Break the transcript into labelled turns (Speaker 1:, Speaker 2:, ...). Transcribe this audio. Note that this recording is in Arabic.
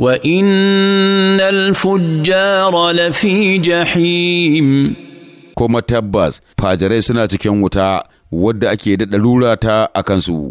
Speaker 1: وإن الفجار لفي جحيم كما تبس فاجري سنة كم وتا ودأكي دلولة
Speaker 2: أكنسو